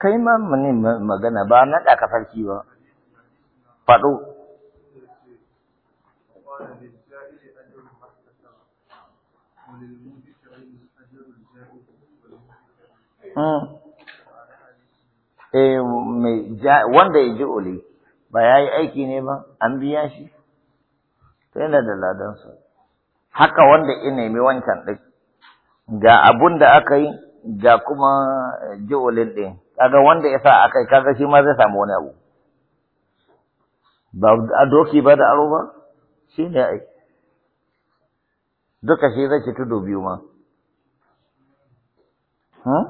kai ma magana ba na ɗaka farki ba faɗo hmm. eh, wanda ya ji ole ba ya yi aiki ne ba an biya shi ta yana da ladansa haka wanda ya nemi wancan ɗin ga abun da aka yi ga kuma ji olin ɗin kaga wanda ya sa akai kaga shi ma zai samu wani abu ba a doki ba da aro ba shi ne ai duka shi zai ci tudu biyu ma hmm?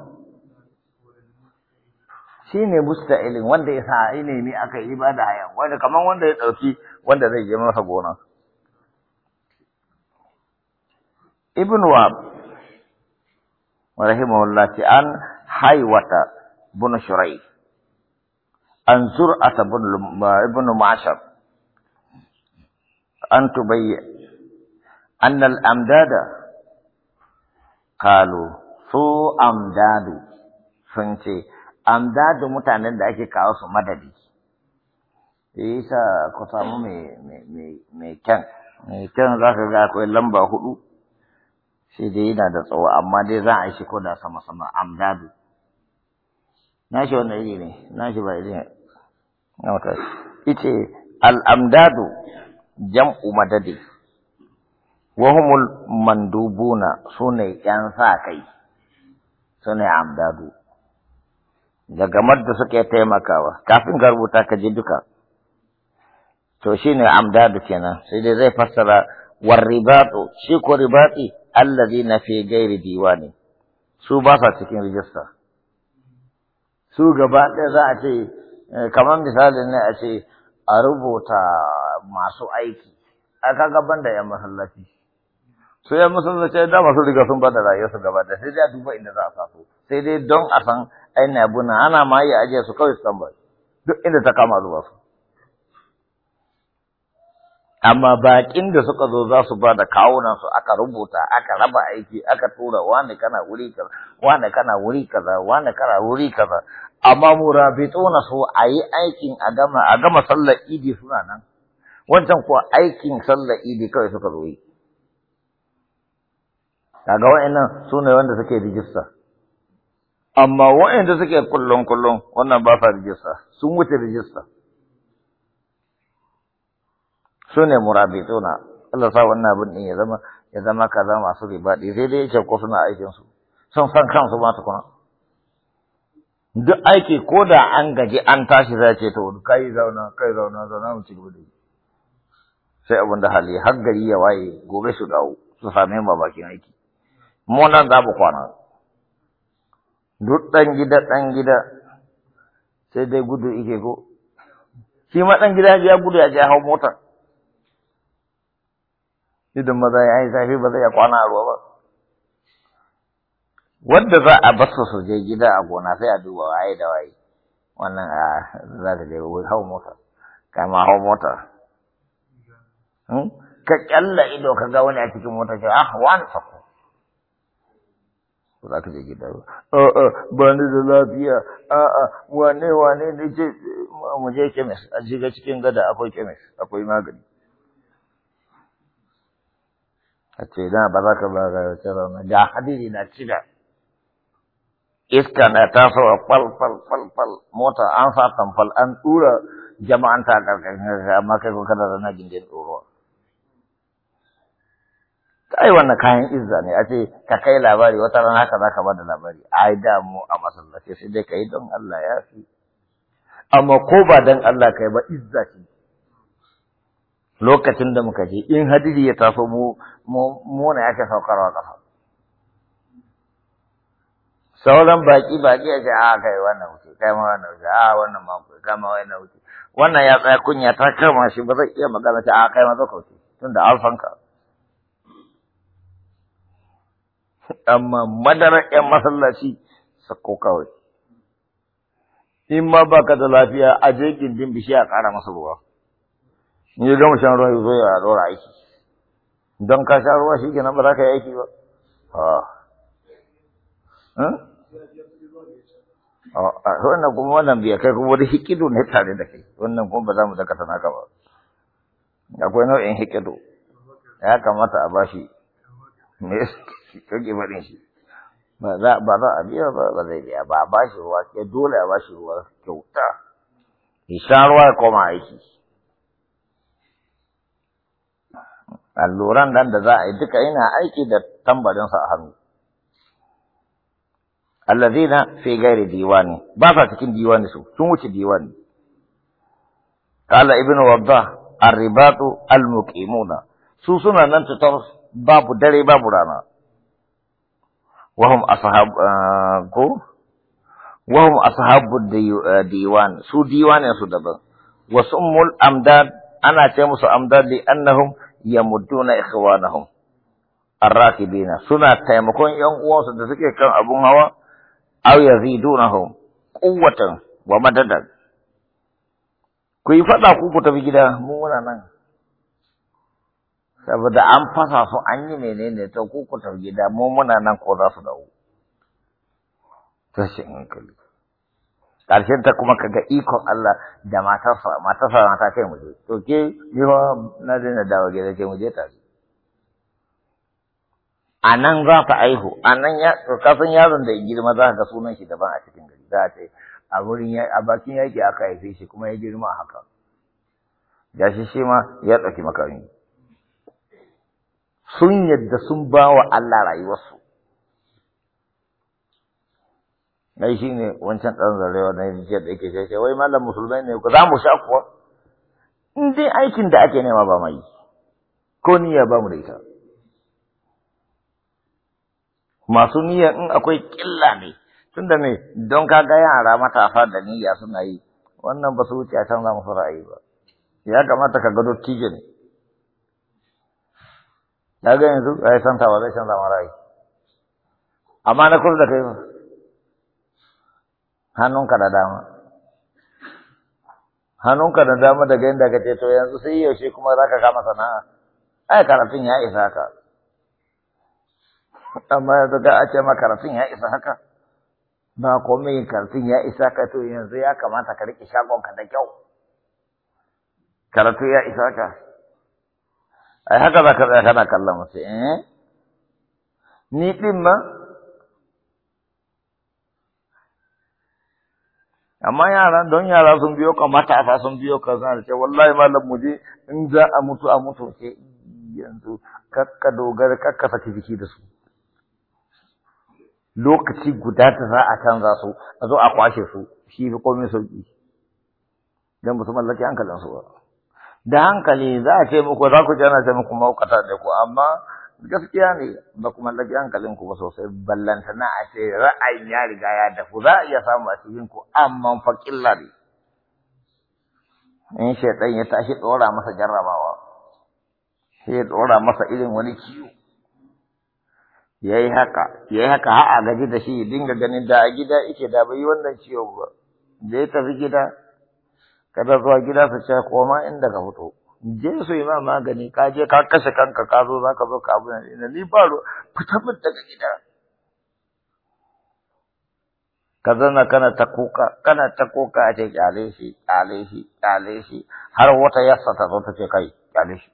shi ne musta'ilin wanda ya sa ilimi aka yi ba da hayan wanda kaman wanda ya ɗauki wanda zai je masa gona ibn wa rahimahullah an haiwata بن شريح عن زرعة بن ابن معشر أن An أن kalu, su amdadu sun ce amdadu mutanen da ake kawo su madadi isa ku samu mai kyan mai kyan za ka ga akwai lamba hudu shi dai yana da tsawo amma dai za a yi shi ko da sama sama amdadu na shi wannan iri ne na shi ba iri ne na ita al'amdadu jam'u madadi wahumul mandubuna su ne ‘yan sa kai su ne amdadu daga madda suke taimakawa kafin ka rubuta ka ji duka to shi ne amdadu kenan sai dai zai fassara war ribatu shi ko ribati allazi na fi gairi diwani su ba sa cikin rijista su gaba ɗaya za a ce eh, kamar misalin ne a ce a rubuta masu aiki a gaban da 'yan masallaci su 'yan masallaci da masu riga sun bada rayuwarsu gaba da sai dai a duba inda za a su sai dai don a san ainihin abu na ana ma yi ajiyar su kawai su tambayi duk inda ta kama zuwa su amma baƙin da suka zo za su ba da kawunan su aka rubuta aka raba aiki aka tura wani kana wuri kaza wani kana wuri kaza wani kana wuri kaza amma na su a yi aikin a gama a gama sallar idi suna nan wancan kuwa aikin sallar idi kawai suka zo yi kaga wa'annan su ne wanda suke rijista amma wa'anda suke kullum kullum wannan ba sa rijista sun wuce rijista su ne murabituna Allah sa wannan abin din ya zama ya zama kaza masu ribadi sai dai yake ko suna aikin su sun san kansu ta kuma. duk aiki ko da an gaji an tashi za ce to kai zauna kai zauna zauna mu ci gaba da sai abin da hali har gari ya waye gobe su dawo su same mu bakin aiki mu nan za mu kwana duk dan gida dan gida sai dai gudu ike ko shi ma dan gida ya gudu ya je hau motar idan maza ya yi zafi ba zai ya kwana a ruwa ba wadda za a bar su je gida a gona sai a duba waye da waye wannan a za ta je hau mota kama hau mota hmm? ka kyalla ido ka ga wani a cikin mota ce ah wani sako za ka je gida ba ba ni da lafiya a'a wane wane ne ce mu je kemis a shiga cikin gada akwai kemis akwai magani a ce na ba za ka ba ga wace rana ga hadiri na cika iska na tasowa fal fal fal fal mota an sa tamfal an tura jama'an ta karkashin ka amma kai ko kana rana gindin tsoro yi wannan kayan izza ne a ce ka kai labari wata rana haka za ka ba da labari A da mu a masallaci sai dai ka yi don Allah ya fi amma ko ba don Allah ka yi ba izza ce lokacin da muka je in hadiri ya taso mu mu ne ake wa kafa sauran baki baki ya ce a kai wannan wuce kai ma wannan wuce a wannan ma wuce kai ma wannan wuce wannan ya tsaya kunya ta kama shi ba zai iya magana ta a kai ma zaka wuce tunda alfanka amma madarar yan masallaci ko kawai in ma baka da lafiya a je gindin bishiya a ƙara masa ruwa in ya gama shan ruwa ya zo ya ɗora aiki don ka sha ruwa shi kenan ba za ka yi aiki ba hmm? ah, ah, wannan kuma wannan biya kai kuma wani hikido ne tare da kai wannan kuma ba za mu dakata naka ba akwai nau'in hikido ya kamata a bashi me kake barin shi ba za a biya ba ba zai biya ba a bashi ruwa ke dole a bashi ruwa kyauta ya sha ruwa ya koma aiki alluran nan da za a yi duka yana aiki da tambarinsa a hannu allazina fi gairi diwani ba sa cikin diwani su sun wuce diwani Kala ibnu waddah arribatu muqimuna su suna nan tutar babu dare babu rana wahum ashab ah, ko wahum ashabu ah, diwan su diwanin su daban wasumul amdad ana ce musu amdad li annahum yamudduna ikhwanahum arrakibina suna taimakon yan uwansu da suke kan abun hawa aw yazidunahum quwwatan wa madadan ku yi fada ku ku tafi gida mu muna nan saboda an fasa su an yi menene to ku ku tafi gida mu muna nan ko za su dawo tashin hankali Karshen ta kuma ga ikon Allah da matarsa matarsa mata ce muje muje. to ke ni na daina dawo gida ce muje je a nan za ta aihu a nan ya kasan yaron da girma za ka ga sunan shi daban a cikin gari za a ce a wurin a bakin yaki aka haife shi kuma ya girma a haka ya shi shi ma ya ɗauki makami sun yadda sun ba wa Allah rayuwarsu dai shi ne wancan ɗan zarewa na yi da yake shashe wai malam musulmai ne za mu sha kuwa in dai aikin da ake nema ba mai ko niyya ba mu da ita masu niyya in akwai killa ne da ne don ka ga yara matasa da niyya suna yi wannan ba su wuce a canza musu yi ba ya kamata ka gado dottijo ne ya ga yanzu ya san ta ba zai canza mara yi amma na kusa da kai ba hannunka da dama hannunka da dama daga inda ka ce to yanzu sai yaushe kuma za ka kama sana'a ai karatun ya isa haka amma yanzu ga a ce ma karatun ya isa haka ba komai karatun ya isa ka to yanzu ya kamata ka riƙe shagonka da kyau karatu ya isa ka ai haka za ka tsaya kana kallon wasu eh ni ɗin ma amma yaran don yara sun biyo ka matasa sun biyo ka zan ce wallahi malam mu je in za a mutu a mutu ke yanzu kakka dogara kakka saki jiki da su lokaci guda ta za a canza su a zo a kwashe su shi fi komai sauki dan ba su mallaki hankalin ba da hankali za a ce muku za ku ce ana ce muku maukata da ku amma gaskiya ne ba kuma mallaki hankalin ku ba sosai ballanta na a ce ra'ayin ya riga ya dafu za a iya samu a cikin ku amma fa killa ne in shaitan ya tashi dora masa jarrabawa sai ya dora masa irin wani ciwo yayi haka yayi haka har a gaji da shi dinga ganin da a gida yake da bai wannan ciwo ba da ya tafi gida kada zuwa gida su ce koma inda ka fito je su yi ma magani ka je ka kashe kanka ka zo za ka zo ka abu na ni ba ruwa fita min daga gida ka zana kana ta kuka kana ta kuka a ce kyale shi kyale shi kyale shi har wata yassa ta zo ta ce kai kyale shi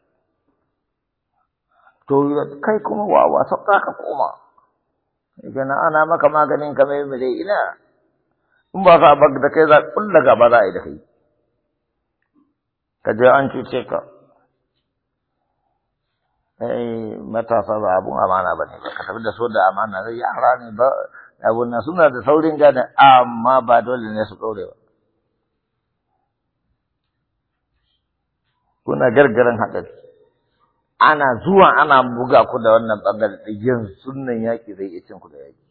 to kai kuma wawa sau za ka koma idan ana maka maganin ka mai ina in ba ka da kai za kulla gaba za a yi da kai ka je an cuce ka eh matasa ba abun amana ba ne ka tafi da so da amana zai yara ne ba abun na suna da saurin gane amma ba dole ne su ɗore ba kuna gargaran haɗari ana zuwa ana buga ku da wannan ɓangare ɗigin sunan yaƙi zai iya cin ku da yaƙi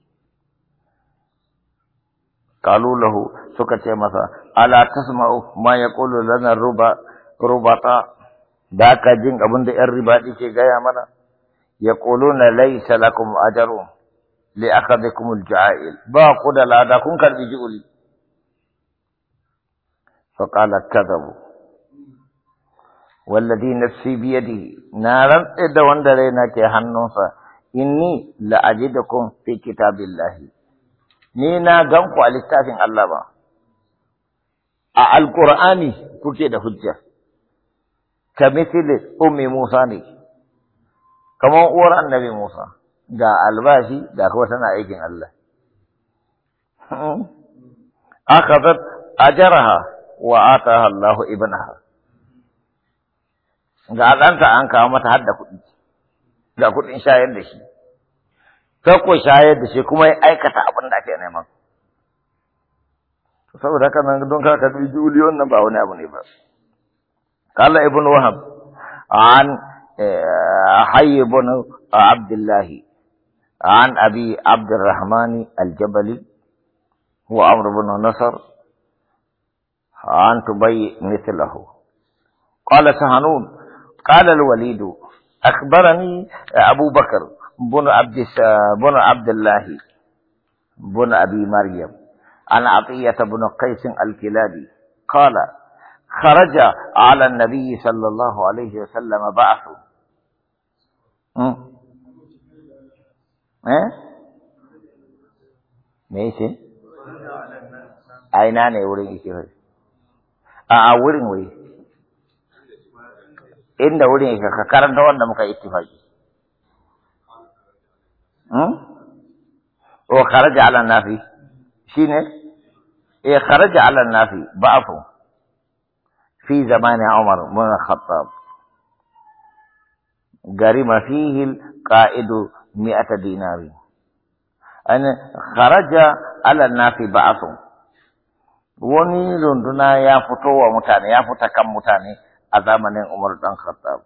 Kalulahu, له سكت يا مثلا ألا تسمع ما يقول لنا kurbata da ka jin abin da ‘yan ribaɗi ke gaya mana, ya na laisa lakum ajru li aka zai ja'il, ba ku da lada kun karbi karɓi ji'uli. Faƙala kazabu, wallazi nafsi bi na naran da wanda raina ke hannunsa, inni la ajidukum fi kitabillahi. Ni na ganku a littafin Allah ba, a alqur'ani kuke da hujja. kamitil ummi Musa ne kamar uwar annabi Musa ga albashi ga kuma tana aikin Allah akhadhat ajraha wa ataha Allahu ibnaha ga ɗanta an kawo mata har da kuɗi ga kuɗin shayar da shi ta shayar da shi kuma ya aikata abin da ake neman saboda haka nan don kaka bi juliyon nan ba wani abu ne ba قال ابن وهب عن آه، حي بن عبد الله عن أبي عبد الرحمن الجبلي هو عمرو بن نصر عن تبي مثله قال سهنون قال الوليد أخبرني أبو بكر بن عبد بن عبد الله بن أبي مريم عن عطية بن قيس الكلابي قال خرج على النبي صلى الله عليه وسلم بعثه ميسي أين أنا أورين إيشي أه أورين آه، وي إن أورين إيشي كارن دوان دمك إتفاجي هم وخرج على النافي شينه إيه خرج على النافي بعثه في زمان عمر من الخطاب قرم فيه القائد مئة دينار أن خرج على الناس بعث ونيلون دنا يا فتوة متاني يا فتا كم متاني أزامن عمر بن الخطاب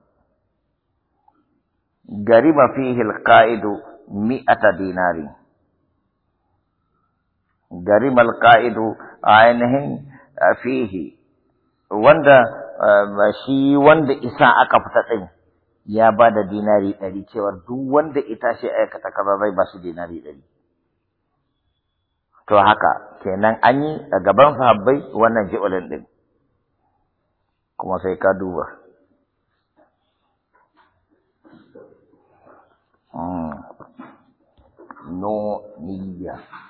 قرم فيه القائد مئة دينار قرم القائد عينه فيه wanda ba eh, shi wanda isa aka fita ɗin ya ba da dinari ɗari cewar duk wanda ita shi aikata kaza zai ba shi dinari ɗari. To haka kenan an yi a gaban sahabbai wannan ji'ulin ɗin kuma sai ka duba. Hmm. No niyya.